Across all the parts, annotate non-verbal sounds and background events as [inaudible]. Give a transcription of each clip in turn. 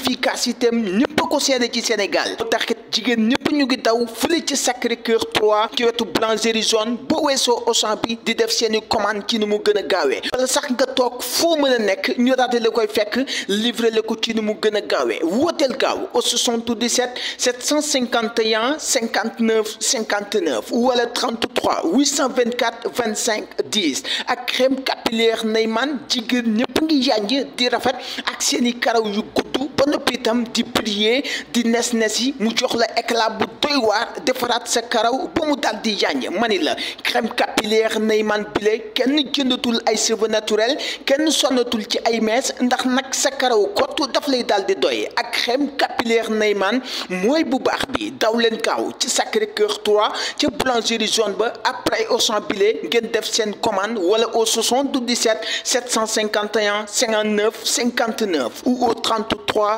efficacité am ko seede ci Sénégal moo tax it jigéen ñu ngi daw fële ci Sacré Cœur 3 ci wetu boulangerie zone bo weesoo Auchan bi di def seeni commande ci ni mu gën a wala sax nga tok fo mën nek ñu raté la koy fekk livré la ko ci ni mu gën a gaawee gaaw au 77 751 59 59 wala 33 824 25 10 ak crème capillaire Neyman jigen ñëpp ngi yànj di rafet ak seeni karaw yu gudd noppi itam di prier di nes nes mu jox la éclat bu doy war defarat sa karaw bu mu daal di yàññ mani crème capillaire Neyman Bile kenn jëndatul ay cheveux naturel kenn sonnatul ci ay mees ndax nak sa karaw kott daf lay daal di doy ak crème capillaire Neyman moy bu bax bi daw leen gaaw ci Sacré-Cœur 3 ci boulangerie jaune ba après au champ Bile ngeen def sen commande wala au 77 751 59 59 ou au 33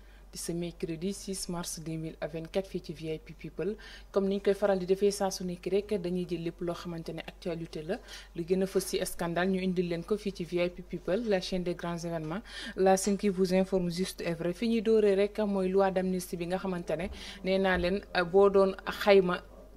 ce mercredi 6 mars 2024 fi ci VIP People comme niñ koy faral di defee sa su nekk rek dañuy jël lepp lo xamante actualité la lu gëna a ci scandale ñu indi leen ko fi ci VIP People la chaîne des grands événements la chaîne qui vous informe juste est vrai fi ñi dooree rek moy loi d'amnistie bi nga xamante néna leen boo doon xayma.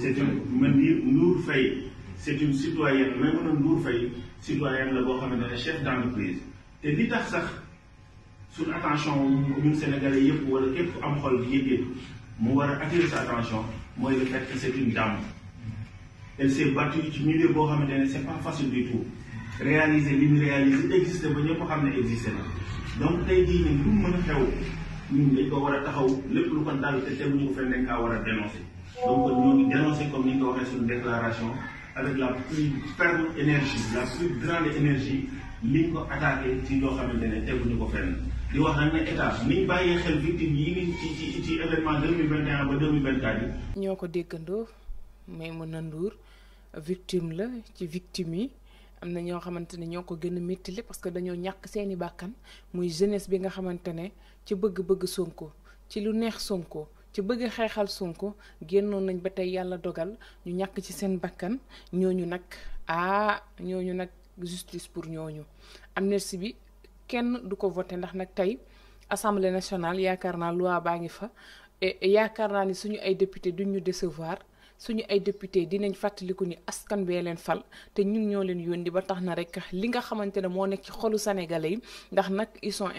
c'est une Mandir Nour Fay, c'est une citoyenne même Nour Fay, citoyenne la boo xamante ne chef d'entreprise Et li tax sax sur attention ñun sénégalais yëpp wala képp ku am xol bi yëg mu attirer sa attention mooy le fait que c'est une dame elle s'est battue ci milieu boo xamante ne c'est pas facile du tout réaliser lui réaliser exister ba ñëpp xam ne exister na donc tey jii ñun lu mu mën a xew ñun dañ ko war a taxaw lépp lu de dal te teguñu ko fenn dénoncer donc ñoo ngi comme ni ñu ko waxee suñu déclaration avec la plus ferme énergie la plus grande énergie liñ ko attaqué ci loo xamante ne teguñu ko fenn. di wax nag ne état niñ bàyyee xel victime yi ci ci ci événement 2021 ba 2024 yi. ñoo ko déggandoo Maimouna Ndour victime la ci victime yi. am na ñoo xamante ne ñoo ko gën a méttili parce que dañoo ñàkk seeni bàkkan muy jeunesse bi nga xamante ne ci bëgg-bëgg Sonko ci lu neex Sonko ci bëgg xeexal sunk génnoon nañ ba tey yàlla dogal ñu ñàkk ci seen bakkan ñooñu nag ah ñooñu nag justice pour ñooñu amnistie bi kenn du ko voté ndax nag tey assemblée nationale yaakaar naa loi baa ngi fa yaakaar naa ni suñu ay député duñ ñu décevoir suñu ay député dinañ fàttaliku ni askan bee leen fal te ñun ñoo leen yónni ba tax na rek li nga xamante ne moo nekk ci xolu sénégalais yi ndax nag ils sont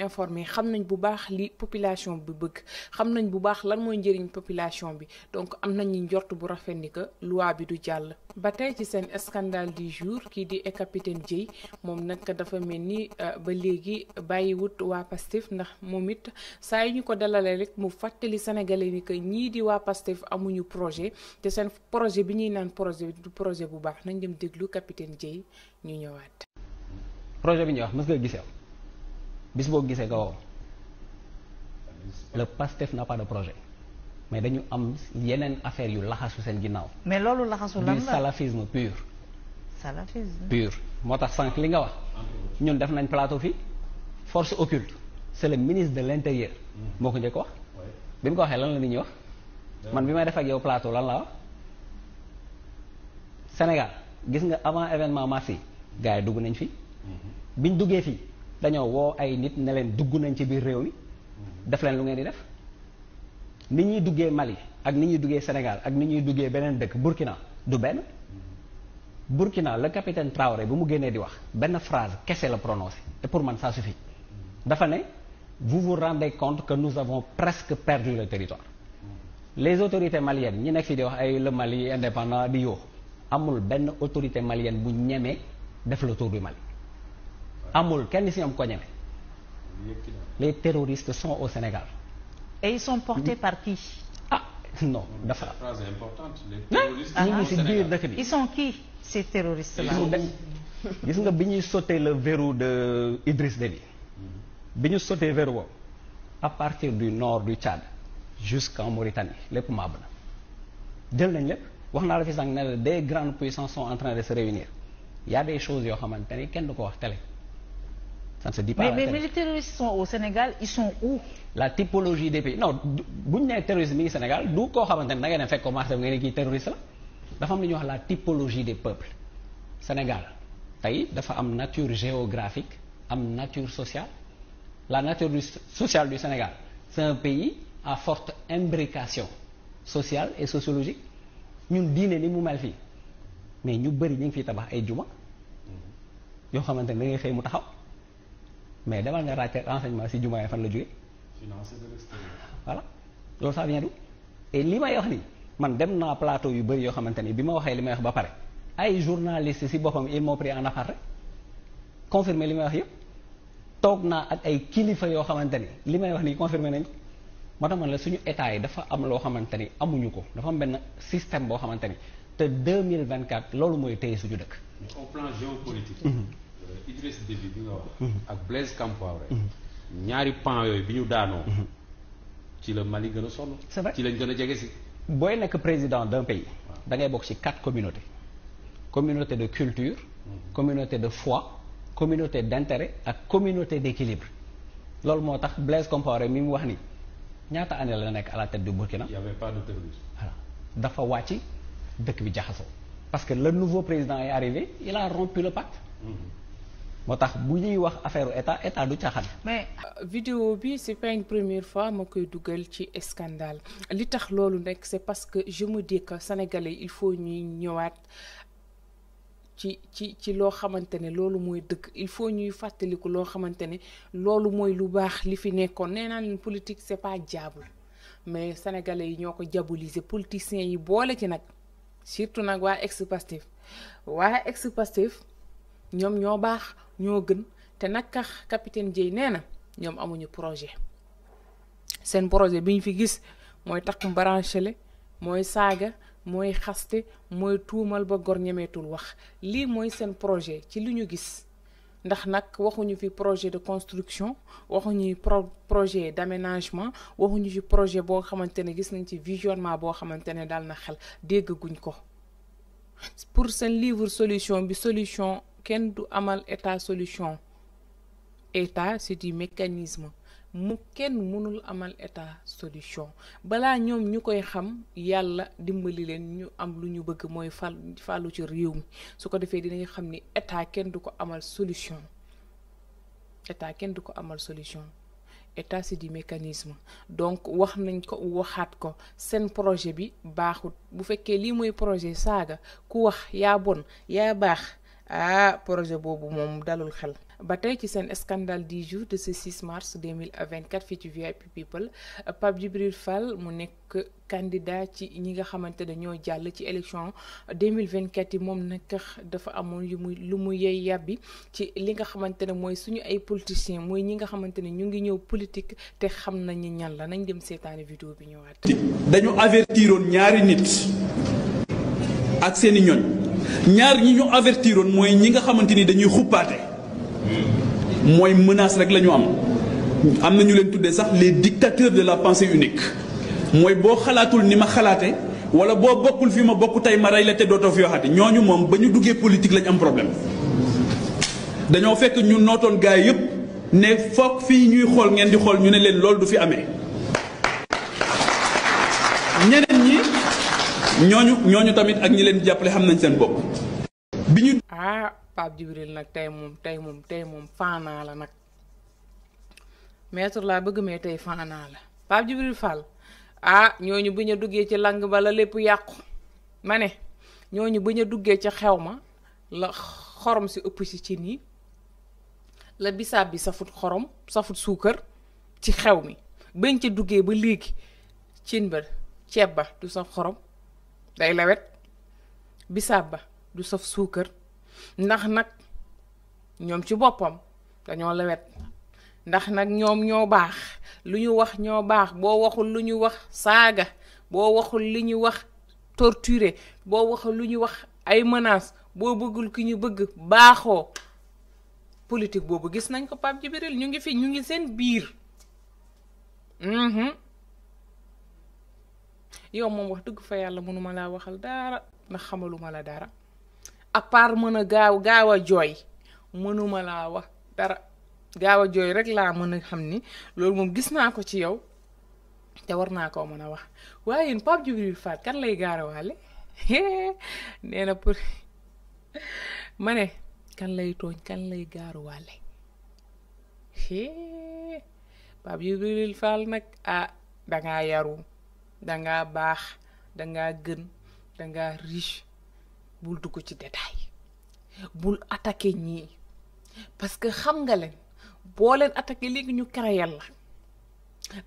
xam nañ bu baax li population bi bëgg xam nañ bu baax lan mooy njëriñ population bi donc am nañu njort bu rafet ni que loi bi du jàll. ba tey ci seen scandale du jour kii di capitaine Dièye moom nag dafa mel ni euh, ba léegi bàyyiwut waa pastif ndax moom it saa yi ñu ko dalalee rek mu fàttali sénégalais ni que ñii di waa Pastef amuñu projet te seen projet bi ñuy naan projet du projet bu baax nañ dem déglu capitaine Dièye ñu ñëwaat. projet bi ñuy wax mës nga gisee bis boo gisee nga woo le Pastef n'a de projet. mais dañu am yeneen affaire yu laxasu seen ginnaaw. mais loolu laxasu lan la salafisme pur. salafisme pur moo tax sànq li nga wax. ñun def nañ plateau fii force occulte c' est ministre de l' intérieur. moo ko njëkk wax. bi mu ko waxee lan la nit ñi wax. man bi may def yow plateau lan la wax. Sénégal gis nga avant événement mars yi gars yi dugg nañ fi. Mhm. biñ duggee fii dañoo woo ay nit ne leen dugg nañ ci biir réew mi. Mhm. def leen lu ngeen di def. ni ñuy duggee Mali ak ni ñuy Sénégal ak ni ñuy duggee beneen Burkina du Burkina le capitaine Traoré bu mu génnee di wax benn phrase kese la prononcé Et pour moi, ça suffit dafa vous vous rendez compte que nous avons presque perdu le territoire les autorités maliennes ñi nekk fii di wax ay le Mali indépendant di yoo amul benn autorité malienne bu ñemee def le tour du Mali amul kenn si ñoom ko ñeme les terroristes sont au Sénégal et ils sont portés par qui Ah, non, dafa. phrase importante. Les ah, ah. terroristes Ils sont qui, ces terroristes-là Ils sont ont sauté le verrou de Idriss Déby. Ils ont sauté le verrou à partir du nord du Tchad jusqu'en Mauritanie. Les Poumabna. Dès des grandes puissances sont en train de se réunir. Il y a des choses qui sont en train de se réunir. Mais, les terroristes sont au Sénégal, ils sont où La typologie des pays. Non, si n'êtes terroristes au Sénégal, vous qu'on a fait commencer à des terroristes La femme la typologie des peuples. Sénégal, il y a une nature géographique, une nature sociale. La nature sociale du Sénégal, c'est un pays à forte imbrication sociale et sociologique. Nous dînons ni nous mal Mais nous sommes tous et gens qui sont là. Nous sommes vous les gens qui sont mais demal nga ràcc renseignement si jumaa yi fan la jóge financé de voilà loolu ça vient d'où et li may wax nii man dem naa plateau yu bëri yoo xamante ni bi ma waxee li may wax ba pare ay journaliste si boppam ils m'ont pris en aparté confirmé li may wax yëpp toog naa ak ay kilifa yoo xamante ni li may wax nii confirmé nañ moo tax man la suñu état yi dafa am loo xamante ni amuñu ko dafa am benn système boo xamante ni te 2024 loolu mooy téye suñu dëkk. au plan géopolitique. Mhm. Idriss Déby bi nga wax. Mhm. ak Blaise Compaoré. Mhm. ñaari pan yoy biñu daano mhm. ci le Mali gëna a c'est vrai ci lañ gëna a ci si. vous êtes président d'un pays. da ngay bok ci quatre communautés. communauté de culture. communauté de foi. communauté d'intérêt ak communauté d'équilibre. lool moo tax Blaise Compaoré mi mu wax ni ñaata année la nek à la tête du Burkina. il y avait pas de terrorisme. dafa wacc dëkk bi jaxaso parce que le nouveau président est arrivé il a rompu le pacte motax bu ñuy wax affaire état état du caaxaan. mais vidéo bi c'est pas une première fois ma koy duggal ci scandale li tax lolu nek c'est parce que je me dis que sénégalais il faut ñuy ñëwaat ci ci ci loo xamante ne loolu mooy il faut ñuy fateliku lo xamantene lolu moy lu bax li fi nekkoon nena politique c'est pas diable mais sénégalais ñoko ñoo ko diaboliser politiciens yi boole ci nak surtout nak wa ex Pastef waa ex Pastef ñoom ñoo baax ñoo gën te nag capitaine Dièye nee na ñoom amuñu projet seen projet bi ñu fi gis mooy takk branchele mooy saaga mooy xaste mooy tuumal ba gor ñemeetul wax lii mooy seen projet ci li ñu gis ndax nag waxuñu fi projet de construction waxuñu pro projet d' aménagement waxuñu fi projet boo xamante ne gis nañ ci visionnement boo xamante ne daal na xel déggaguñ guñ ko pour seen livre solution bi solution kenn du amal état solution état c'est du mécanisme mu kenn mënul amal état solution balaa ñoom ñu koy xam yàlla dimbali leen ñu am lu ñu bëgg mooy fal fàllu ci réew mi su ko defee dinañ xam ni état kenn du ko amal solution état kenn du mécanisme donc wax nañ ko waxaat ko seen projet bi baaxut bu fekkee lii mooy projet saaga ku wax yaa bon yaa baax ah projet boobu moom dalul xel ba tey ci seen scandale du jour de ce 6 mars 2024 fii ci VIP People Pape Djibril Fall mu nekk candidat ci ñi nga xamante ne ñoo jàll ci élection 2024 yi moom nag dafa amoon yu muy lu mu yey yàbbi ci li nga xamante ne mooy suñu ay politiciens mooy ñi nga xamante ne ñu ngi ñëw politique te xam ñi ñan la nañ dem seetaani vidéo bi ñëwaat. dañu avertiroon ñaari nit ak seeni ñoñ. ñaar ñi ñu avertiroon mooy ñi nga xamante ni dañuy xuppaate mooy menace rek la ñu am am na ñu leen tuddee sax les dictateurs de la pensée unique mooy boo xalaatul ni ma xalaate wala boo bokkul fi ma bokk tey ma rey la te dootoo fi ñoo ñu moom ba ñu duggee politique lañu am problème dañoo fekk ñu nootoon gaay yépp ne foog fii ñuy xool ngeen di xool ñu ne leen loolu du fi amee ñooñu ñooñu tamit ak ñi leen jàppale xam nañ seen bopp. bi ñu. ah Pape Djibril nag tey moom tey moom tey moom faanaa la nag maître laa bëgg mais tey faanaa la Pape Djibril Fall ah ñooñu bu ñu duggee ci lang ba la lépp yàqu ma ne ñooñu bu ñu duggee ca xew ma la xorom si ëpp si cin yi la bisaab bi safut xorom safut suukar ci xew mi bañ ca duggee ba léegi cin ba ceeb ba du saf xorom. day lawet bisaab ba du saf suukar ndax nag ñoom ci boppam dañoo lawet ndax nag ñoom ñoo baax lu ñu wax ñoo baax boo waxul lu ñuy wax saaga boo waxul lu ñuy wax torturé boo waxul lu ñuy wax ay mënaas boo bëggul ki ñu bëgg baaxoo politique boobu gis nañ ko Pape Djibril ñu ngi fi ñu ngi seen biir mhm. yow moom wax dëgg fa yàlla mënuma laa waxal dara ndax xamaluma la dara à mën a gaaw gaaw a jooy mënuma laa wax dara gaaw a jooy rek laa mën a xam ni loolu moom gis naa ko ci yow te war naa koo mën a wax waaye yéen Pape Djibril Fall kan lay gaarawaale [laughs] nee na pour [laughs] kan lay tooñ kan lay gaaruwaale [laughs] nag ah dangaa yaru dangaa baax dangaa gën dangaa riche bul dugg ci détail bul attaqué ñii parce que xam nga leen boo leen attaqué léegi ñu kereyel la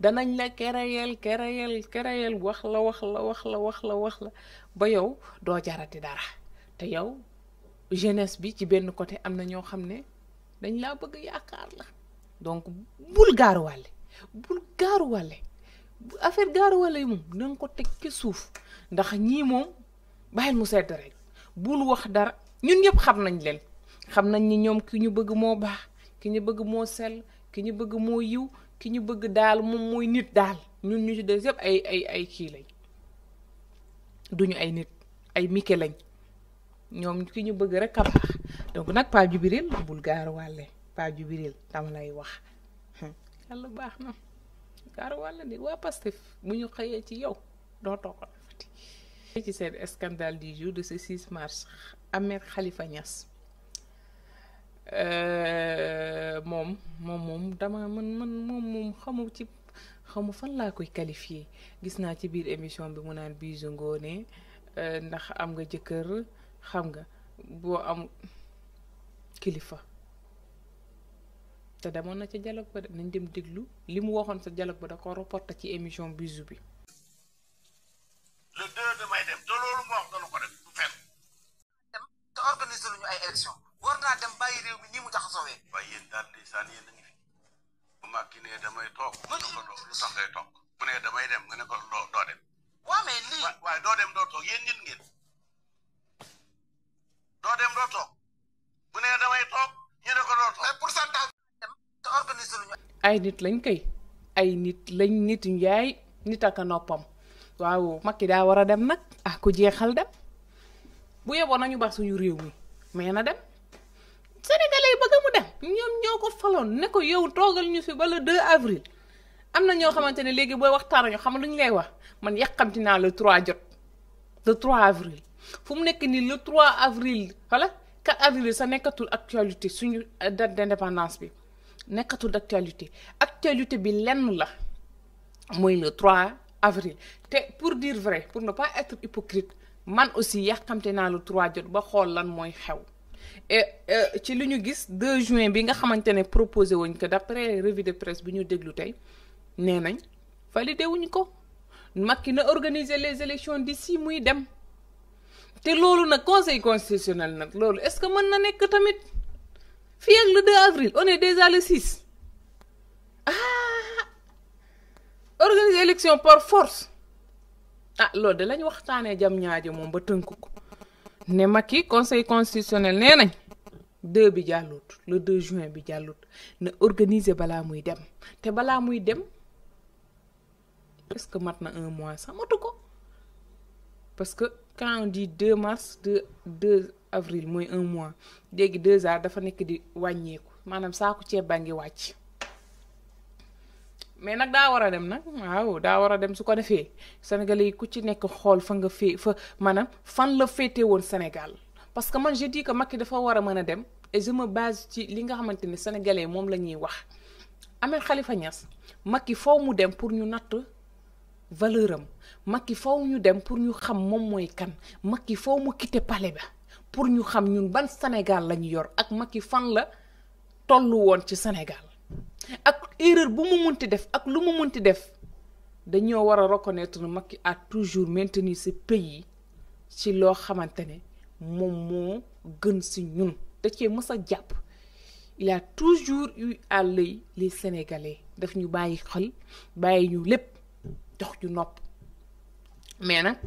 danañ la kereyel kereyel kereyel wax la wax la wax la wax la wax la ba yow doo jarati dara te yow jeunesse bi ci benn côté am na ñoo xam ne dañ laa bëgg yaakaar la donc bul gaaruwàlle bul gaaruwàlle affaire gaara wala yi moom na ko teg ci suuf ndax ñii moom bàyyil mu sedd rek bul wax dara ñun ñëpp xam nañ leen xam nañ ni ñoom ki ñu bëgg moo baax ki ñu bëgg moo sell ki ñu bëgg moo yiw ki ñu bëgg daal moom mooy nit daal ñun ñu ci des ay ay ay kii lañ duñu ay nit ay mike lañ ñoom ki ñu bëgg rek a baax donc nag Pape Djibril bul gaar wàlle Pape tam dama lay wax yàlla baax na gaar wàlla ni waa Pastef bu ñu xëyee ci yow doo toogal fati ci seen scandale du jour de ce 6 mars amee Khalifa Niass euh, moom moom moom dama man man moom xamu ci xamu fan laa koy qualifier gis naa ci biir émission bi mu naan Bijou Ngoné euh, ndax am nga jëkkër xam nga boo am kilifa te demoon na ca dialogue ci émission bisu bi. le 2 damay dem te mu wax dana ko def bu fekk. dem te organiser luñu ay élection dem bàyyi réew mi nii mu jaxasoowee. waaye yéen daal di saan a ngi fi. bu ma kii nee damay toog. ma ne ko doo lu sax ngay toog. bu ne damay dem nga ne ko doo doo dem. waaye doo dem doo toog yéen nit ngeen. doo bu ne damay toog ñu ko doo toog. te ay nit lañ koy ay nit lañ nit yaay nit ak a noppam waaw Macky daa war a dem nag ah ku jeexal dem bu yeboon nañu baax suñu réew mi mais na dem sénégalais yi bëgg mu dem ñoom ñoo ko faloon ne ko yow toogal ñu fi ba le 2 avril am na ñoo xamante ne léegi booy waxtaan ñu xam luñ lay wax man yàqamti naa le trois jot le 3 avril fu mu nekk nii le trois avril wala 4 avril sa nekkatul actualité suñu euh, date d'indépendance bi nekkatul d'actualité. actualité bi lenn la mooy le 3 avril te pour dire vrai pour ne pas être hypocrite man aussi yàqamte naa le 3 jot ba xool lan mooy xew et euh, ci li ñu gis 2 juin bi nga xamante ne proposé wuñ que d'après après revue de presse bi ñu déglu tey nee nañ validé wuñ ko makina na organiser les élections d'ici muy dem te loolu nag conseil constitutionnel nag loolu est ce que mën na nekk tamit fii le 2 avril on est déjà le 6 ah organiser l'élection par force ah l'autre de lañ a un peu de ba Il y a un conseil constitutionnel nee 2 le 2 juin bi jàllut na organiser bala muy dem te bala muy dem est que maintenant, un mois ça matu ko parce que quand on dit 2 mars 2 2 avril mooy un mois léegi deux heures dafa nekk di wàññeeku maanaam saaku ceeb baa ngi wàcc mais nag daa war a dem nag waaw daa war a dem su ko defee sénégalais yi ku ci nekk xool fa nga fee fa maanaam fan la féete woon Sénégal parce que man je ko mag Macky dafa war a mën a dem et je base ci li nga xamante ne sénégalais moom la ñuy wax xalifa ñas Niass ki faw mu dem pour ñu natt valeur am Macky faw ñu dem pour ñu xam moom mooy kan Macky faw mu quitter palais ba pour ñu xam ñun ban Sénégal lañu yor ak Macky fan la tollu won ci Sénégal ak erreur bu mu munti def ak lu mu munti def dañu wara a reconnaître Macky a toujours maintenu ce pays ci lo xamantene mom mo gën ci ñun da ci mës japp il a toujours eu à l'œil les Sénégalais daf ñu bayyi xel bayyi ñu lepp dox ju nopp mais nak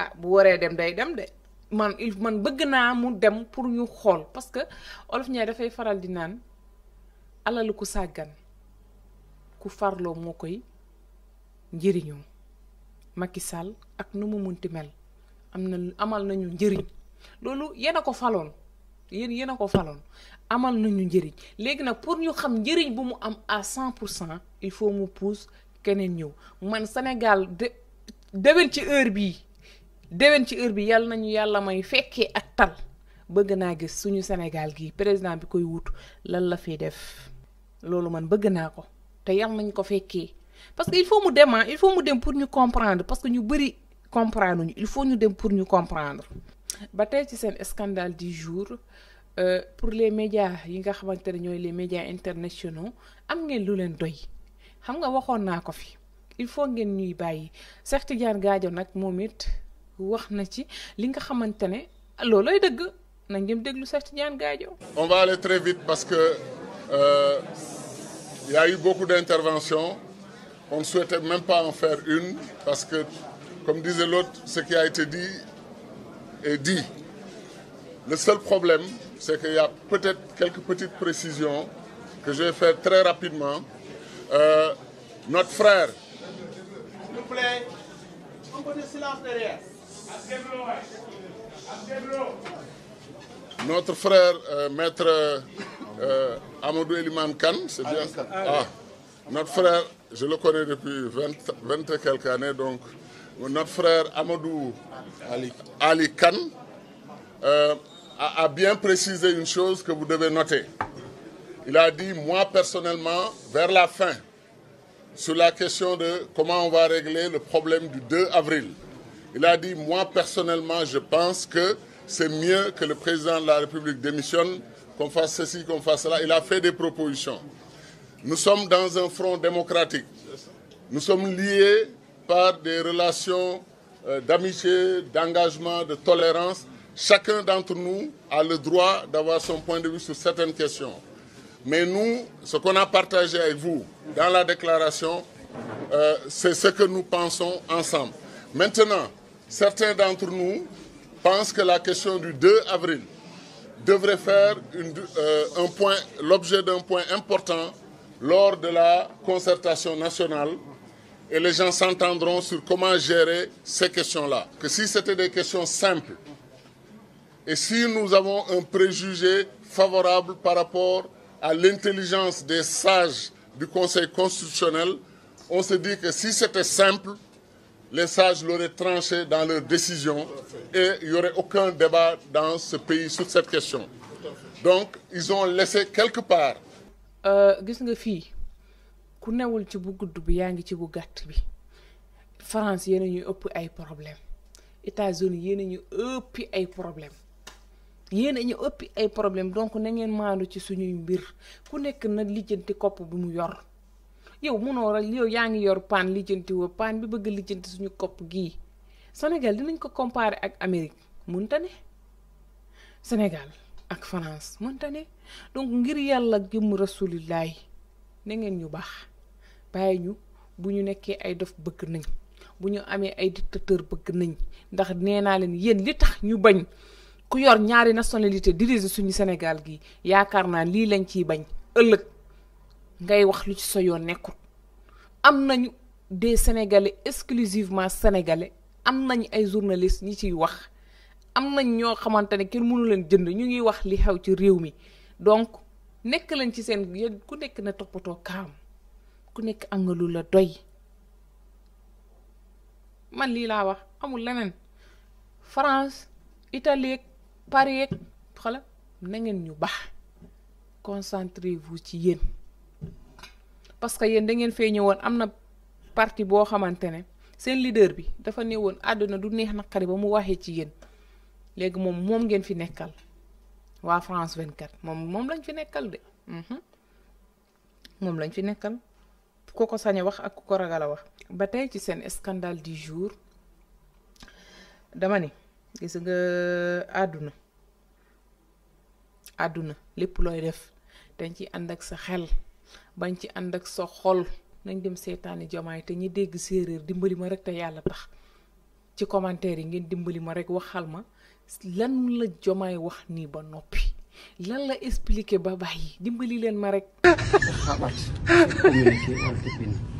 ah bu waree dem day dem de man il man bëgg naa mu dem pour ñu xool parce que olof ñaay dafay faral di naan alalu ku sàggan ku farloo moo koy njëriñoo Macky Sall ak nu mu munti mel am na amal nañu njëriñ loolu yéen a ko faloon yéen yéen ko faloon amal nañu njëriñ léegi nag pour ñu xam njëriñ bu mu am à cent pour cent il faut mu pousse keneen ñëw man Sénégal de déwén ci heure bii déwén ci heure bi yàlla nañu yàlla may fekkee ak tal bëgg naa gis suñu Sénégal gii président bi koy wut lan la fi def loolu man bëgg naa ko te yàlla nañ ko fekkee parce que il faut mu dem ah, il faut mu dem pour ñu comprendre parce que ñu bëri comprendre ñu il faut ñu dem pour ñu comprendre. ba tey ci seen scandale du jour euh, pour les médias yi nga xamante ne ñooy les médias internationaux am ngeen lu leen doy xam nga waxoon naa ko fi il faut ngeen ñuy bàyyi Cheikh Tidiane gaajo nag moom it. on va aller très vite parce que il euh, y a eu beaucoup d'interventions on ne souhaitait même pas en faire une parce que comme disait l'autre ce qui a été dit est dit le seul problème c'est qu'il y a peut-être quelques petites précisions que je vais faire très rapidement euh, notre frère. S'il vous plaît, un silence notre frère, euh, maître euh, euh, Amadou Eliman Khan, c'est bien ah, Notre frère, je le connais depuis 20, et quelques années, donc notre frère Amadou Ali, Khan a bien précisé une chose que vous devez noter. Il a dit, moi personnellement, vers la fin, sur la question de comment on va régler le problème du 2 avril. Il a dit, moi personnellement, je pense que c'est mieux que le président de la République démissionne, qu'on fasse ceci, qu'on fasse cela. Il a fait des propositions. Nous sommes dans un front démocratique. Nous sommes liés par des relations euh, d'amitié, d'engagement, de tolérance. Chacun d'entre nous a le droit d'avoir son point de vue sur certaines questions. Mais nous, ce qu'on a partagé avec vous dans la déclaration, euh, c'est ce que nous pensons ensemble. Maintenant, Certains d'entre nous pensent que la question du 2 avril devrait faire euh, l'objet d'un point important lors de la concertation nationale et les gens s'entendront sur comment gérer ces questions-là. Que si c'était des questions simples et si nous avons un préjugé favorable par rapport à l'intelligence des sages du Conseil constitutionnel, on se dit que si c'était simple, les sages l'auraient tranché dans leur décision et il n'y aurait aucun débat dans ce pays sur cette question. Donc, ils ont laissé quelque part. Euh, gis nga fii ku newul ci bu gudd bi yaa ngi ci bu gàtt bi France yéen a ñu ëpp ay problème États-Unis yéen a ñu ëppi ay problème yéen a ñu ëppi ay problème donc na ngeen maandu ci suñuy mbir ku nekk na lijjanti kopp bi mu yor. yow munoo rek yow yaa ngi yor paan lijjanti woo paan bi bëgg lijjanti suñu kopp gii Sénégal dinañ ko comparer ak Amérique mënta ne Sénégal ak France mënta ne donc ngir yàlla gëmm rasulillahi na ngeen ñu baax bàyyi ñu bu ñu nekkee ay dof bëgg nañ bu ñu amee ay dictateur bëgg nañ ndax nee naa leen yéen li tax ñu bañ ku yor ñaari nationalité dirige suñu Sénégal gi yaakaar naan lii lañ ciy bañ ëllëg ngay wax lu ci sa yoon nekkul am nañu des sénégalais exclusivement sénégalais am nañu ay journalistes ñi ciy wax am nañ ñoo xamante ne kenn mënu leen jënd ñu ngi wax li xew ci réew mi donc nekk lañ ci seen yéen ku nekk na toppatoo kaam ku nekk am nga lu la doy man lii laa wax amul leneen France Italie ak xale ak na ngeen ñu baax concentrez-vous ci yéen. parce que yeen da ngeen fee ñëwoon am na parti boo xamante ne seen leader bi dafa ñëwoon woon àdduna du neex naqari ba mu waxee ci yéen léegi moom moom ngeen fi nekkal waa France 24 moom moom lañ fi nekkal de mhm. moom lañ fi nekkal ku ko sañ wax ak ku ko ragal a wax. ba tey ci seen scandale du jour dama ni gis nga àdduna àdduna lépp looy def dañ ci ànd ak sa xel. bañ ci ànd ak sa xol nañ dem seetaani jomaay te ñi dégg séeréer dimbali ma rek te yàlla tax ci commentaire yi ngeen dimbali ma rek waxal ma lan la jomaay wax nii ba noppi lan la expliqué ba bàyyi dimbali leen ma rek. [laughs]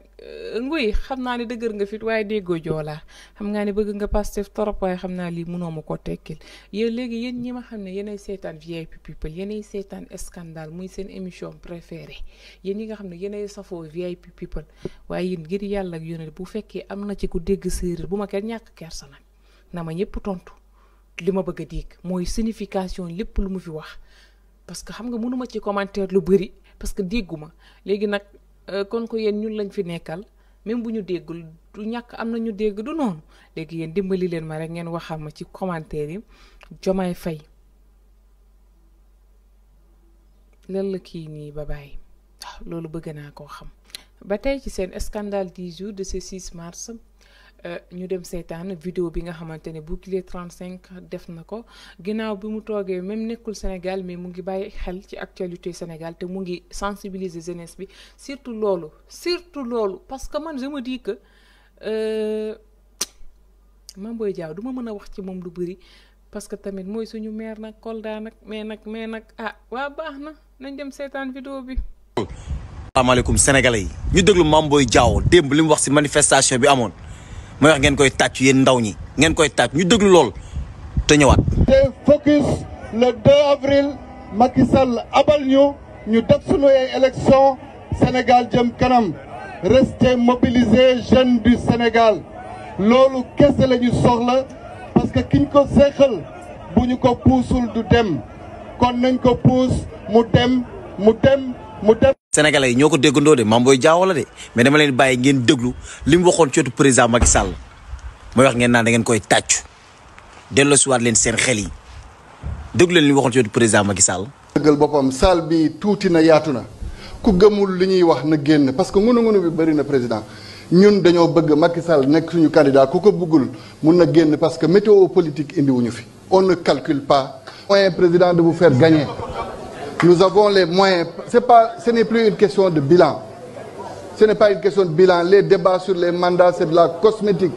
nguy euh, xam naa ne dëgër nga fit waaye déggoo joolaa xam naa ne bëgg nga Pastef torop waaye xam naa lii mënoo ma ko tekkil yéen léegi yéen ñi ma xam ne yéenay seetaan VIP people yéenay seetaan scandale muy seen émission préférée yéen ñi nga xam ne yéenay safoo VIP waaye yéen ngir yàlla ak yónne bu fekkee am na ci ku dégg séeréer bu ma kenn ñàkk kersa nag na ma ñëpp tontu li ma bëgg a dégg mooy signification lépp lu mu fi wax parce que xam nga mënuma ci commentaire lu bëri parce dégguma léegi Euh, kon ko yéen ñun lañ fi nekkal même bu ñu déggul du ñàkk am na ñu dégg du noonu léegi yéen dimbali leen ma rek ngeen waxal ma ci commentaire yi Jomaay Fay lan la kii nii ba bàyyi waaw ah, loolu bëgg naa ko xam ba tey ci seen scandale du jour de ce 6 mars Euh, ñu dem seetaan vidéo bi nga xamante ne Bouclier cinq def na ko ginnaaw bi mu toogee même nekkul Sénégal mais mu ngi bàyyi xel ci actualité Sénégal te mu ngi sensibiliser jeunesse bi surtout loolu surtout loolu parce que man je me dis que euh, Mame Boye Diao du ma mën a wax ci moom lu bëri parce que tamit mooy suñu maire nag Kolda nag mais nag mais nag ah waa baax na nañ dem seetaan vidéo bi. asalaamaaleykum sénégalais yi ñu déglu Mame Boye Diao démb li mu wax ci manifestation bi amoon. moy wax ngeen koy tàcc yéen ndaw ñi ngeen koy tàcc ñu déglu lool te ñëwaat. te focus le 2 avril Macky Sall abal ñu ñu def sunu ay élection Sénégal jëm kanam rester mobilisé jeune du Sénégal loolu kese la ñu soxla parce que kiñ ko seexal bu ñu ko puusul du dem kon nañ ko puus mu dem mu dem mu dem. Sénégalais yi ñoo ko déggandoo de Mame Boye Diao la de mais dama leen bàyyi ngeen déglu li mu waxoon cootu président Macky Sall mooy wax ngeen naan dangeen ngeen koy tàccu delloosiwaat leen seen xel yi déglu leen li mu waxoon cootu président Macky Sall. dëggal boppam saal bi tuuti na yaatu na ku gëmul li ñuy wax na génn parce que ngunu-ngunu bi bëri na président ñun dañoo bëgg Macky Sall nekk suñu candidat ku ko bëggul mun na génn parce que météo politique indiwuñu fi on ne calcule pas moyen président de vous faire gagner Nous avons les moyens. Pas, ce n'est plus une question de bilan. Ce n'est pas une question de bilan. Les débats sur les mandats, c'est de la cosmétique.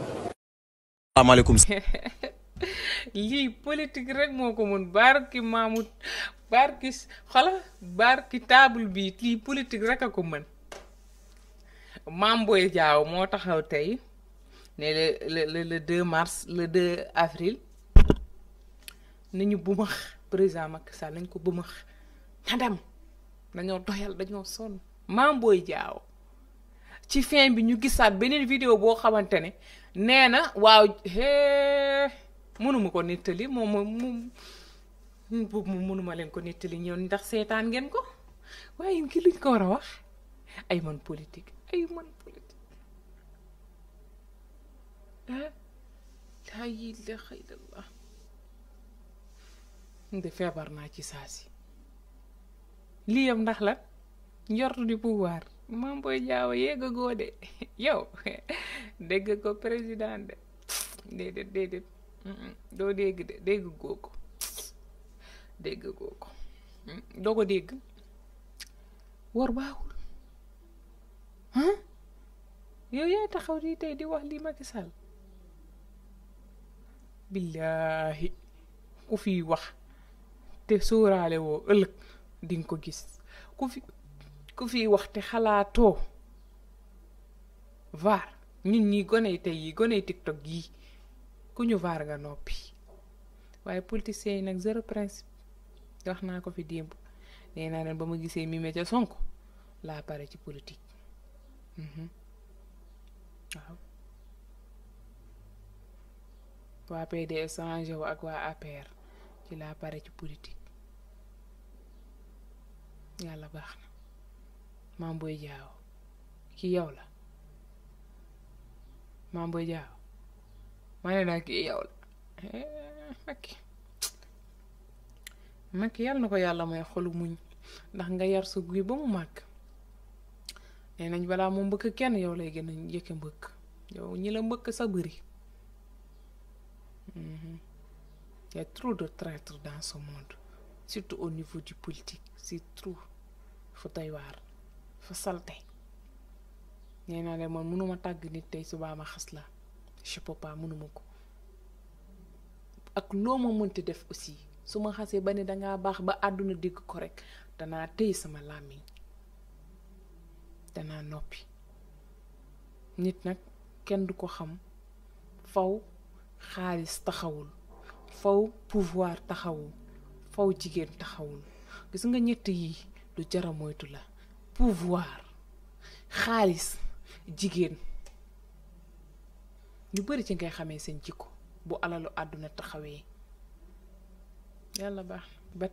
[laughs] li politique rek moo ko mun barki Mamoud barki xola barki table bi li politique rek ko mën Mame Boye Diao taxaw tay le le le 2 mars le 2 avril niñu buma président Macky Sall nañ ko madame dañoo doyal dañoo sonn maam booy jaaw ci fin bi ñu gisaat beneen vidéo boo xamante ne nee na waaw hee mënuma ko nettali moom moom boobu moom mënuma leen ko nettali ñëw ndax seetaan ngeen ko waaye ki luñ ko war a wax ay man politique ay man politique ah laa ilaha illallah de feebar naa ci saa si lii yëpp ndax la njortu di pouvoir Mame Boye Diao yéega goo de [laughs] yow [laughs] dégg ko président de déedéet déedéet doo dégg de dégg goo ko dégg goo ko doo ko dégg wor baaxul yow yaay taxaw di tey di wax li Macky Sall billaahi ku fi wax te sóoraale woo ëllëg di ko gis ku fi ku fi wax te xalaatoo vaar ñun ñi goney tey yi goney tiktok yi ku ñu vaar nga noppi waaye politiciens yi nag zéro principe wax naa ko fi démb nee naa leen ba ma gisee Mimi ca Sonko laa pare ci politik mhm. waaw waa PDS changé wu ak waa APR ci laa pare ci politique yàlla baax na maam booy jaaw kii yow la maam booy jaaw ma ne naa kii yow la makki eh, makki yàlla na ko yàlla may xolu muñ ndax nga yar sa guy ba mu màgg nee nañ balaa moom mbëkk kenn yow lay gën a njëkke mbëkk yow ñi la mbëkk sa bëri mhm. y de traîtres dans ce monde surtout au niveau du politique si trou fu tey waar fu salte nee naa leen man mënuma tàgg nit tey subaa ma xas la je pas mënuma ko ak loo ma mënti def aussi su ma xasee ba ne danga baax ba àdduna dégg ko rekk danaa tëye sama làmmiñ danaa noppi nit nag kenn du ko xam faw xaalis taxawul faw pouvoir taxawul faw jigéen taxawul gis nga ñett yi pouvoir xaalis jigéen ñu bari ci seen bu alalu ba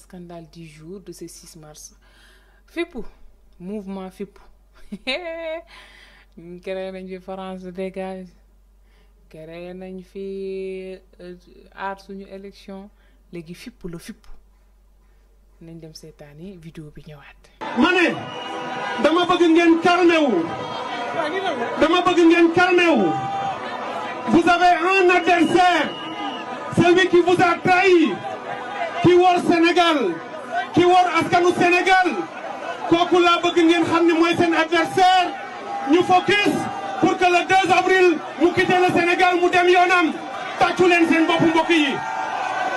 scandale du jour de ce 6 mars Fipou, mouvement fippu [laughs] créé nañ fi France dégage créé nañ fi euh, aar suñu élection léegi la nañ dem seetaani vidéo bi ñëwaat. ma ne dama bëgg ngeen carné wu dama bëgg ngeen carné wu vous avez un adversaire celui qui vous a trahi qui wor Sénégal qui wor askanu Sénégal kooku laa bëgg ngeen xam ne mooy seen adversaire ñu focus pour que le 2 avril mu quitté le Sénégal mu dem yoonam tàccu leen seen bopp mbokk yi.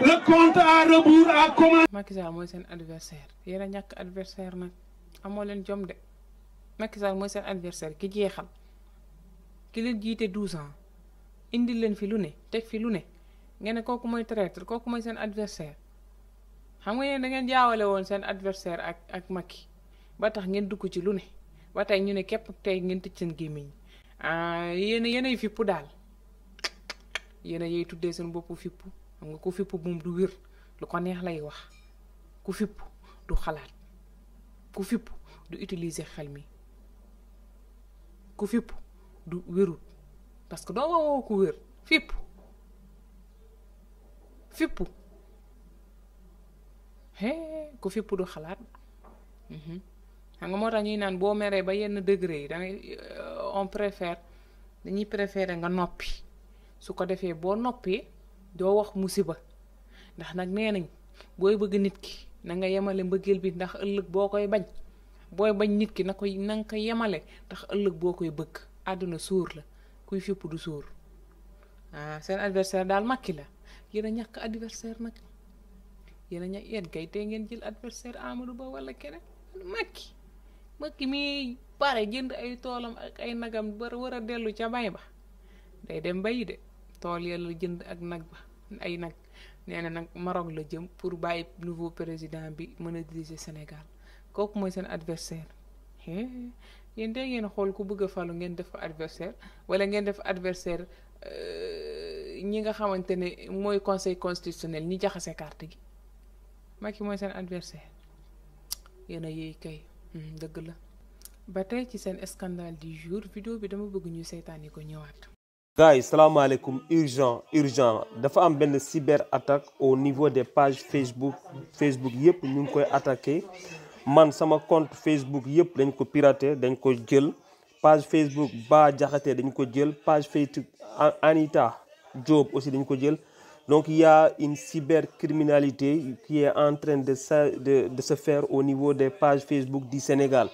le compte à rebours mooy seen adversaire yéen a ñàkk adversaire nag amoo leen jom de Macky Sall mooy seen adversaire ki jeexal ki leen jiite 12 ans indi leen fi lu ne teg fi lu ne ngeen ne kooku mooy traître kooku mooy seen adversaire xam nga yéen da ngeen jaawale woon seen adversaire ak ak Macky ba tax ngeen dugg ci lu ne ba tey ñu ne kepp tey ngeen tëj seen gémmiñ ah, yéen yéen ay fippu daal yéen a yey tuddee seen bopp fippu. xam nga ku fipp moom du wér lu ko neex lay wax ku fipp du xalaat ku fipp du utiliser xel mi ku fipp du wérut parce que doo woo ku wér fipp fipp hee ku fipp du xalaat mhm. xam nga moo tax ñuy naan boo meree ba yenn degré yi da ngay euh, on préfère dañuy préféré nga noppi su ko defee boo noppee do wax musiba ndax nak nenañ boy bëgg nit ki na nga yemale mbëggeel bi ndax ëlëk bokoy bañ boy bañ nit ki na ko na nga ko ndax bëgg aduna sour la kuy fipp du sour ah sen adversaire dal makki la yena ñak adversaire nak yena a yeen kay té ngeen jël adversaire amadou ba wala kene makki makki mi pare jënd ay tolam ak ay nagam bër wara dellu ca bay ba day dem bayi de tool ya la jënd ak nag ba ay nag nee na nag Maroc la jëm pour bàyyi nouveau président bi mën a diriger Sénégal kooku mooy seen adversaire yéen dee ngeen xool ku bëgg a falu ngeen def adversaire wala ngeen def adversaire euh, ñi nga xamante ne mooy conseil constitutionnel ñi jaxase carte gi Macky mooy seen adversaire yéen a yéey kay hmm, dëgg la ba tey ci seen scandale du jour vidéo bi dama bëgg ñu seytaani ko ñëwaat gars salam alaikum, urgent urgent dafa am une cyber cyberattaque au niveau des pages Facebook Facebook yep, ñu ngi koy attaqué man sama compte Facebook yep, dañ ko piraté nous ko jël page Facebook Bah Diakhaté dañ ko jël page Facebook Anita Job aussi nous ko jël donc il y a une cybercriminalité qui est en train de se faire au niveau des pages Facebook du Sénégal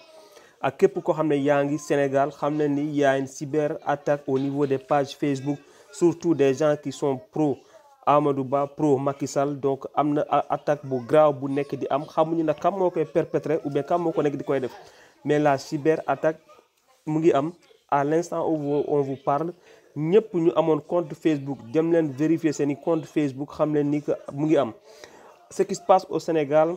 ak képp koo xam ne Sénégal xam ni y a une cyber attaque au niveau des pages Facebook surtout des gens qui sont pro Amadou Ba pro Macky Sall donc amna attaque bu grave bu nek di am xamuñu nag kam moo perpétrer ou bien kam moko nek di koy def mais la cyber attaque mu ngi am à l'instant où on vous parle ñepp ñu amone compte Facebook dem leen vérifier seeni compte Facebook xam leen ni que mu ngi am ce qui se passe au Sénégal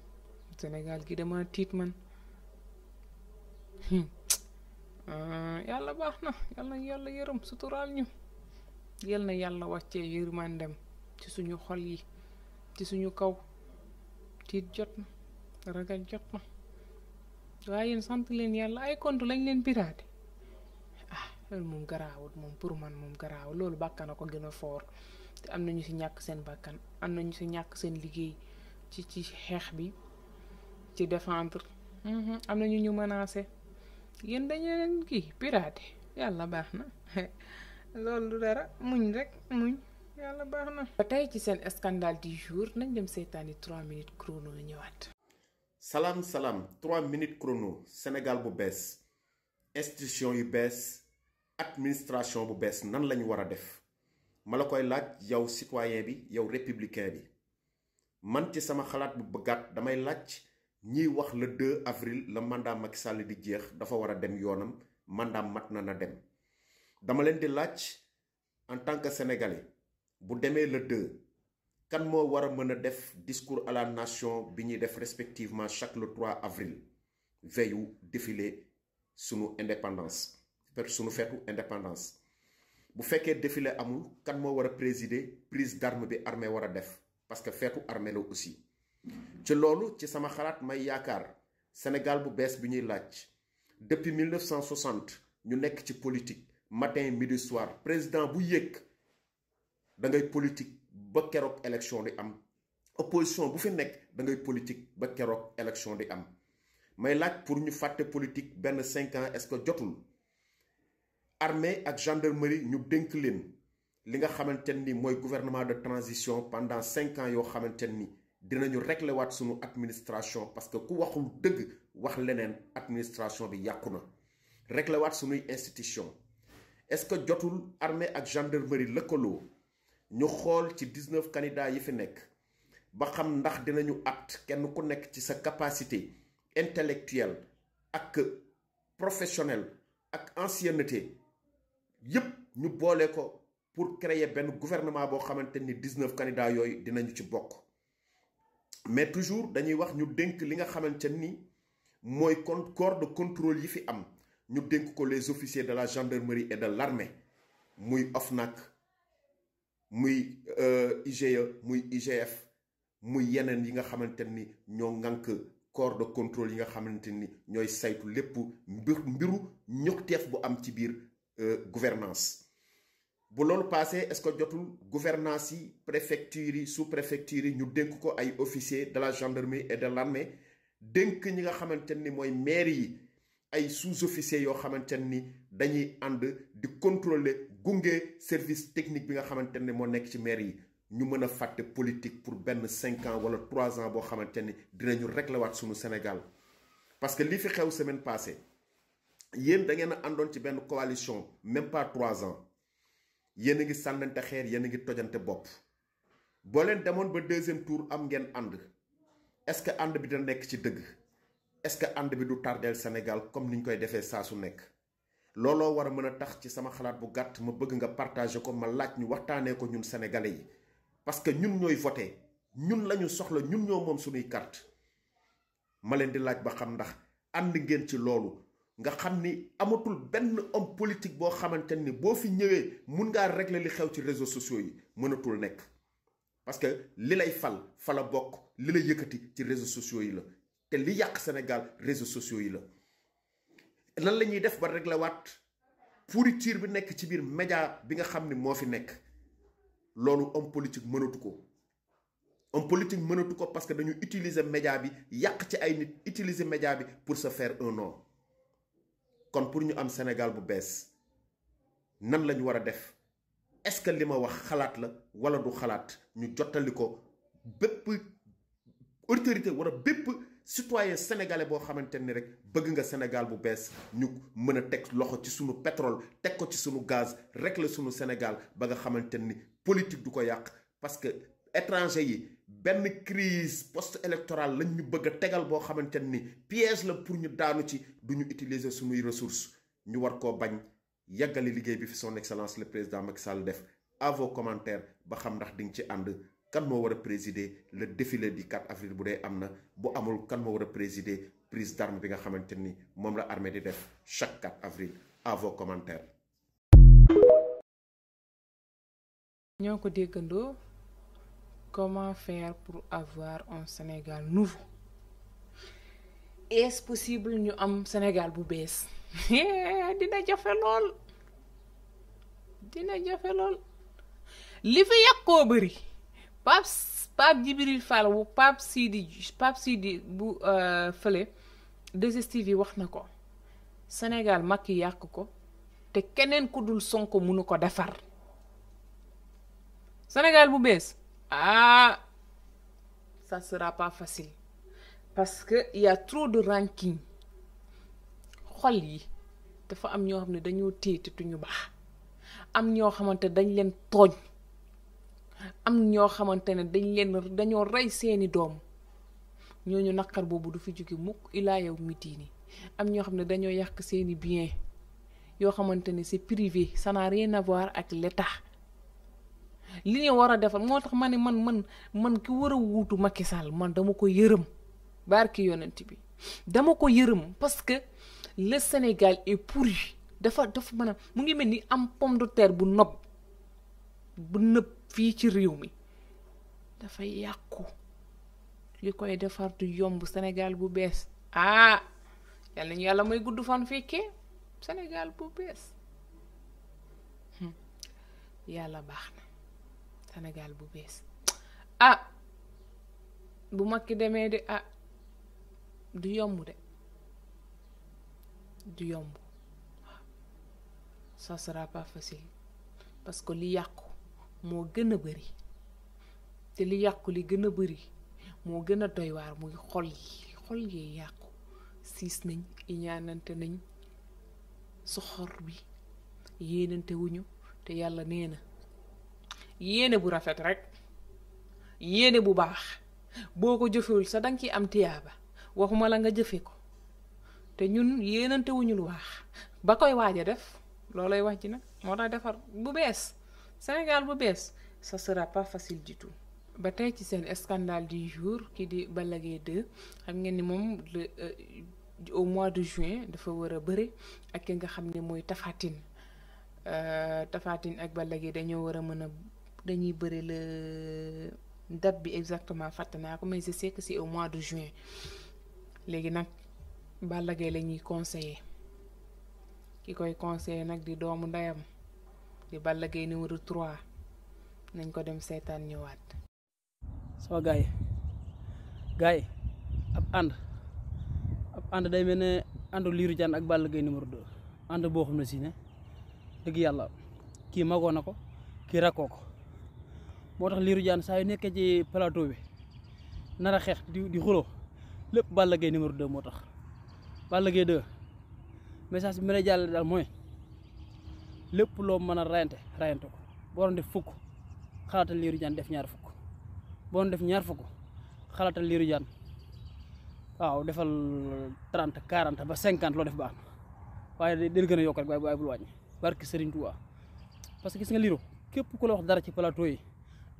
senegal gi dama tiit man hmm. ah, yàlla baax na yàlla yàlla yërëm suturaal ñu yal na yàlla wàccee yërmandem ci suñu xol yi ci suñu kaw tiit jot na ragal jot na waaye yéen sant leen yàlla ay compte lañ leen piraate ah loolu moom garaawut moom pour man moom garaawut loolu bàkkan a ko gën a foor te am na ñu si ñàkk seen bàkkan am ñu si ñàkk seen liggéey ci ci xeex bi ci défendre mhm, am na ñu ñu menacer yéen dañu leen kii piraté yàlla baax na [laughs] loolu dara muñ rek muñ yàlla baax na. ba tey ci seen scandale du jour nañ dem seetaani 3 minutes chrono la ñëwaat. salaam salaam 3 minutes chrono Sénégal bu bees institution yu bees administration bu bees nan lañu war a def ma la koy laaj yow citoyen bi yow républicain bi man ci sama xalaat bu gàtt damay laaj. avons wax le 2 avril le mandat Macky Sall di jeex dafa wara dem yoonam mandat mat na na dem dama leen di en tant que sénégalais bu demee le 2 kan moo war a discours à la nation bi def respectivement chaque le 3 avril veillu défilé sunu indépendance per sunu fetu indépendance bu fekkee défilé amul kan moo war a présider prise d'armes bi armée war a def parce que fetu armée la aussi ci loolu ci sama xalaat may yaakaar Sénégal bu bees bi ñuy laaj depuis 1960 ñu nekk ci politique matin midi soir président bu yéeg da ngay politique ba keroog élection di am opposition bu fi nekk da ngay politique ba keroog élection di am may laaj pour ñu fàtte politique benn cinq ans est-ce que jotul armée ak gendarmerie ñu dénk leen li nga xamante ni mooy gouvernement de transition pendant cinq ans yoo xamante ni dinañu régler wat sunu administration parce que ku waxul réglé wax leneen administration bi yakuna réglé régler wat institution est-ce que jotul armée ak gendarmerie lëkkaloo ñu xol ci 19 candidats yi fi nek ba xam ndax dinañu at kenn ku sa capacité intellectuelle ak professionnelle ak ancienneté yépp ñu boole ko pour créer benn gouvernement boo xamante ni 19 candidats dinañu ci mais toujours dañuy wax ñu denk li nga xamante ni corps de contrôle yi fi am ñu denk ko les officiers de la gendarmerie et de l'armée muy ofnak muy euh, IGE muy IGF muy yenen yi nga xamante ni ñoo ngank corps de contrôle yi nga xamante ni saytu lepp mbiru ñoxteef bu am ci biir euh, gouvernance bu loolu passé est-ce que jotul gouvernance la préfecture yi sous préfecture nous ñu dénk ko officiers de la gendarmerie et de l'armée dénk ñi nga xamante ni maire sous-officiers yoo xamante ni dañuy ànd di contrôler gunge service technique bi nga xamante ni moo nekk ci maire yi ñu politique pour 5 ans wala 3 ans pour xamante ni dinañu régler waat Sénégal parce que li fi xew semaine passée yéen da ngeen a àndoon coalition même pas 3 ans yéen a ngi sànnante xeer yéen a ngi tojante bopp boo leen demoon ba deuxième tour am ngeen ànd est-ce que ànd bi da nekk ci dëgg est-ce que ànd bi du tardeel Sénégal comme ni ñu koy defee saa su nekk looloo war a mën a tax ci sama xalaat bu gàtt ma bëgg nga partager ko ma laaj ñu waxtaanee ko ñun sénégalais yi parce que ñun ñooy voté ñun lañu soxla ñun ñoo moom suñuy carte ma leen di laaj ba xam ndax ànd ngeen ci loolu nga xam ni amatul benn homme politique boo fi régler li réseaux sociaux yi parce que li lay fal fa li réseaux sociaux yi la te li Sénégal réseaux sociaux yi la lan la def ba régler waat pourriture bi nekk ci biir média bi nga homme politique mënatu ko politique mënatu parce que dañu utiliser média bi yàq ci ay nit utiliser pour se faire un nom kon pour ñu am Sénégal bu bees nan est-ce que li ma wax xalaat la wala du xalaat ñu jottali ko bépp autorité wala citoyen sénégalais boo xamante rek bëgg nga Sénégal bu bees ñu mën a pétrole gaz le Sénégal ba politique parce que étranger yi. benn crise post-électorale lañ ñu bëgg a tegal boo xamante ni piège la pour ñu daanu ci du ñu utiliser suñuy ressources ñu war ko bañ yàggali liggéey bi fi son excellence le président Macky Sall def avo vos commentaires ba xam ndax di nga ci ànd kan moo war a présider le défilé du 4 avril bu dee am na bu amul kan moo war a présider prise d'arme bi nga xamante ni moom la armée di def chaque 4 avril avo vos Comment faire pour avoir un Sénégal nouveau est-ce possible ñu un Sénégal bu bees [laughs] eh, dina jafe a dina jafe lool li fi yàqoo bari. Pape Pape Djibril Fall ou Pape Pape Sidi euh, wax Sénégal maki Sonko Sénégal bu ah ça sera pas facile parce que il y trop de ranking xol yi dafa am ñoo xam ne dañoo téye te tuñu baax am ñoo xamante dañ leen tooñ am ñoo xamante ne dañ leen dañoo rey seeni doom ñoo ñu naqar boobu du fi jóge mukk ilaa yow mitii ni am ñoo xam ne dañoo yàq seeni bien yoo xamante ne c'est privé ça n'a rien à voir ak l'État li ñu war a defal moo tax ma ne man man man ki war a wuutu Macky Sall man dama ko yërëm barki yonent bi dama ko yërëm parce que le Sénégal est pourri dafa dafa mën mu ngi mel ni am pomme de terre bu nob bu nëb fii ci réew mi dafa yàqu li koy defar yomb Sénégal bu bees ah yal nañu yàlla may gudd fan fekkee Sénégal bu bees hmm. yàlla baax na Sénégal bu bees ah bu mag ki demee de ah du yomb de du yomb waaw ça parce que li yàqu moo gën a bëri te li yàqu li gën a bari moo gën a doy waar muy xol yi xol yee yàqu siis nañ iñaanante nañ soxor bi yéenante te yàlla nee na yéene bu rafet rek yéene bu baax boo ko jëfewul sa danga ciy am tiyaaba waxuma la nga jëfe ko te ñun yéenante wuñu lu baax ba koy waaja a def loolay wax ji nag moo tax defar bu bees Sénégal bu bees ça sera pas ba tey ci seen scandale du jour kii di Balla Gaye ni moom euh, au mois de juin dafa war a bëre ak ki nga xam ne mooy Tapha Tine euh, Tapha ak Balla Gaye dañoo war a mën a dañuy bëre le date bi exactement fàtte naa ko mais je sais que c'est au mois de juin léegi nag Balla Gaye la ñuy conseiller ki koy conseiller nag di doomu ndayam di Balla Gaye numéro 3 nañ ko dem seetaan ñëwaat. sama gaay gaay ab ànd ab ànd day mel ne àndu Lirou Diane ak Balla Gaye numéro 2 ànd boo xam ne si ne dëgg yàlla kii magoo na ko kii rakkoo ko motax liru Lirou Diane saa yu nekkee ci plateau bi nara xex di di xulo lepp Balla numéro 2 motax tax 2 message bi mu jall dal moy lepp lo meuna rayante rayante ko boo doon def fuk xalaatal liru Diane def ñaar fuk bo doon def ñaar fuk xalaatal liru Diane waaw defal 30 40 ba 50 lo def ba waye waaye dina gën a yokk rek waaye bul barki Serigne Touba parce que gis nga liru kep ku la wax dara ci plateau yi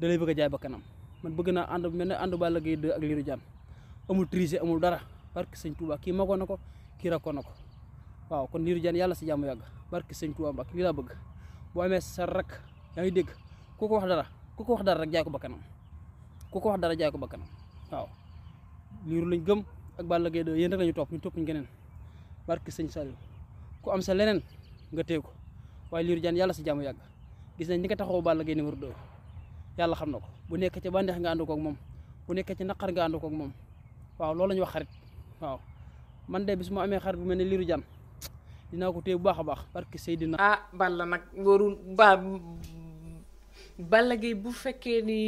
dalay bëgg a jaay bakkanam man bëgg na ànd melni andu ba Balla de ak Lirou jam amul triser amul dara barke seigne Touba ki magoon nako ki rako nako waaw kon Lirou jam yalla ci jamu yag barke seigne Touba mbak li la bëgg bo amé sa rak yaa ngi dégg ku wax dara kuko wax dara rek jaay ko bakkanam ku ko wax dara jaay ko bakkanam waaw liru lañ gëm ak ba Gaye de yeen rek lañu top ñu top ñu toppuñ barke seigne sall ku am sa lenen nga téye ko liru jam yalla ci jamu yag gis nañ ni nga taxaw ba Gaye numéro 2 yalla xam ko bu nekk ci bandex nga ko ak mom bu nekk ci nakar nga ko ak mom waaw loolu lañu wax xarit waaw man de bis mu amé xarit bu melni liru jam dina ko tey bu baax baax barke sayidina ah Balla nak ngoru ba Balla Gaye bu fekke ni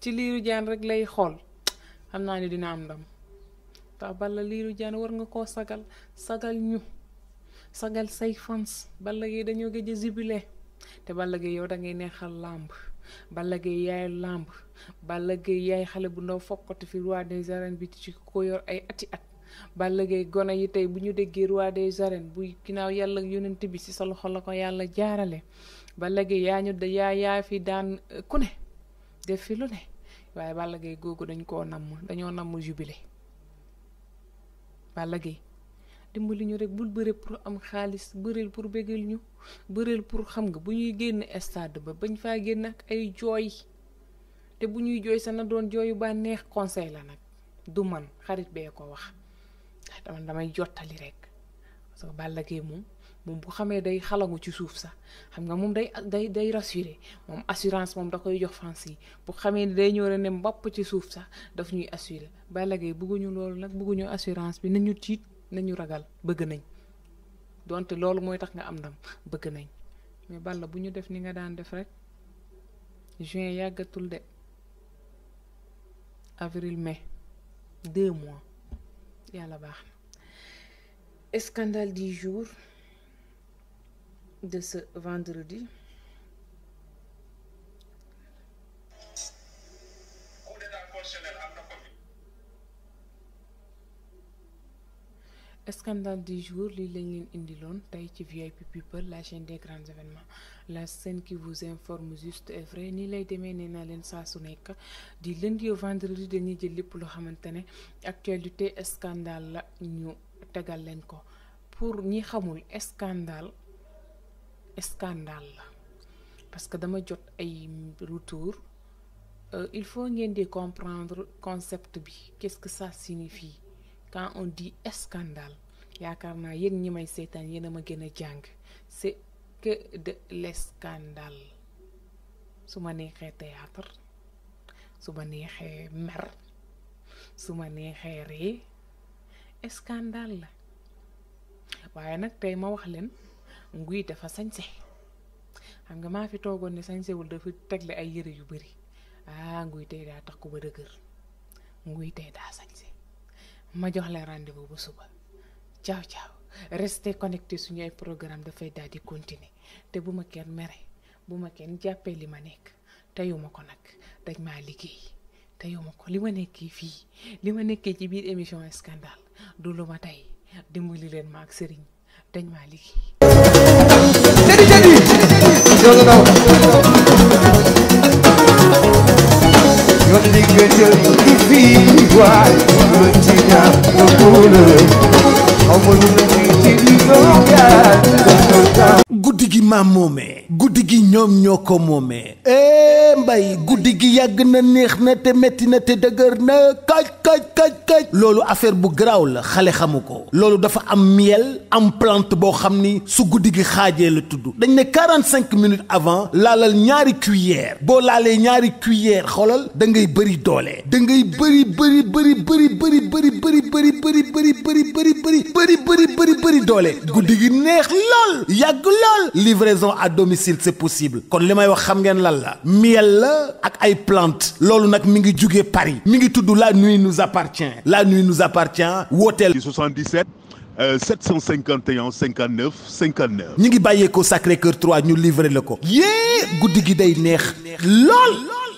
ci liru jam rek lay xol xamna ni dina am ndam ta Balla liru jam war nga ko sagal sagal ñu sagal say fans Balla Gaye dañu gëjë jubilé te Balla Gaye yow da ngay neexal làmb Balla yaay làmb Balla Gaye yaay xale bu ndaw fokkati fi roi des arènes bi ci ko yor ay ati at Balla gone yi tey bu ñu déggee roi des arènes bu ginnaaw yàlla yonent bi ci sa loxo la ko yàlla jaarale Balla Gaye yaa ñu da yaa fi daan eh, ku ne def fi lu ne waaye Balla googu dañ koo namm dañoo namm jubilé Balla dimbali ñu rek bul bëreel pour am xaalis bëreel pour bégal ñu bëreel pour xam nga bu ñuy génn stade ba bañ faa génn ak ay jooy te bu ñuy jooy sa na doon jooyu ba neex conseil la nag du man xarit bee ko wax damay jottali rek parce que moom moom bu xamee day xalangu ci suuf sax xam nga moom day day day rassuré moom assurance moom da koy jox france yi bu xamee ni day ñëw rek ne mbapp ci suuf sax daf ñuy assuré Balla Gaye bëgguñu loolu nag bëgguñu assurance bi nañu nañu ragal nañ tax nga am nañ mais nous bu def ni nga daan def rek juin de avril mai deux mois yàlla scandale du jour de ce vendredi scandale du jour lii lañ leen ci VIP People la chaîne des grands événements la scène qui vous informe juste et vrai ni lay démenés nee naa su lundi au vendredi dañuy jël lépp loo actualité scandale ñu ko pour ñi xamul scandale scandale parce que dama jot ay retour euh, il faut comprendre di comprendre concept bi qu'est-ce que ça signifie quand on dit scandale yaakaar naa yéen ñi may seetaan yéen a ma gën a jàng c'est que de l'escandale su ma neexee théâtre su ma neexee mer su ma neexee ree scandale la waaye nag tey ma wax leen nguy dafa sañse xam nga maa fi toogoon ne sañsewul dafa tegle ay yëre yu bari ah nguy tey daa tax ku ba dëgër nguy tey daa sañse ma jox la rendez-vous bu suba ciao ciao restez connecté suñu ay programme dafay daal di continuer te bu ma kenn mere bu ma kenn jàppee li ma nekk teyuma ko nag dañ ma liggéey teyuma ko li ma nekki fii li ma nekkee ci biir émission scandale du lu ma tey dimbali leen ma ak sëriñ dañ maa liggéey. nga jël di fii waay mën ci ñaar nga góor la xaw ma lu ma ci ci li doon guddi gi maam moomee guddi gi ñoom ñoo ko moomee eh mbay guddi gi yàgg na neex na te metti na te dëgër na kaaj kaaj kaaj kaaj loolu affaire bu garaaw la xale xamu ko loolu dafa am miel am plante boo xam ni su guddi gi xaajee la tudd dañ ne 45 minutes avant laalal ñaari cuillère boo laalee ñaari cuillère xoolal da ngay bëri doole da ngay bëri bëri bëri bëri bëri bëri bëri bëri bëri bëri bëri bëri bëri bëri bëri bëri doole guddi gi neex lool yàgg livraison à domicile c'est possible kon limay wax xam ngeen lan la miel la ak ay plante lolou nak mi ngi jugee Paris mi ngi la nuit nous appartient la nuit nous appartient hôtel 77 751 59 59. ñu ngi ko Sacré-Cœur 3 ñu livrer le ko. yéen goudi gi day neex. lol.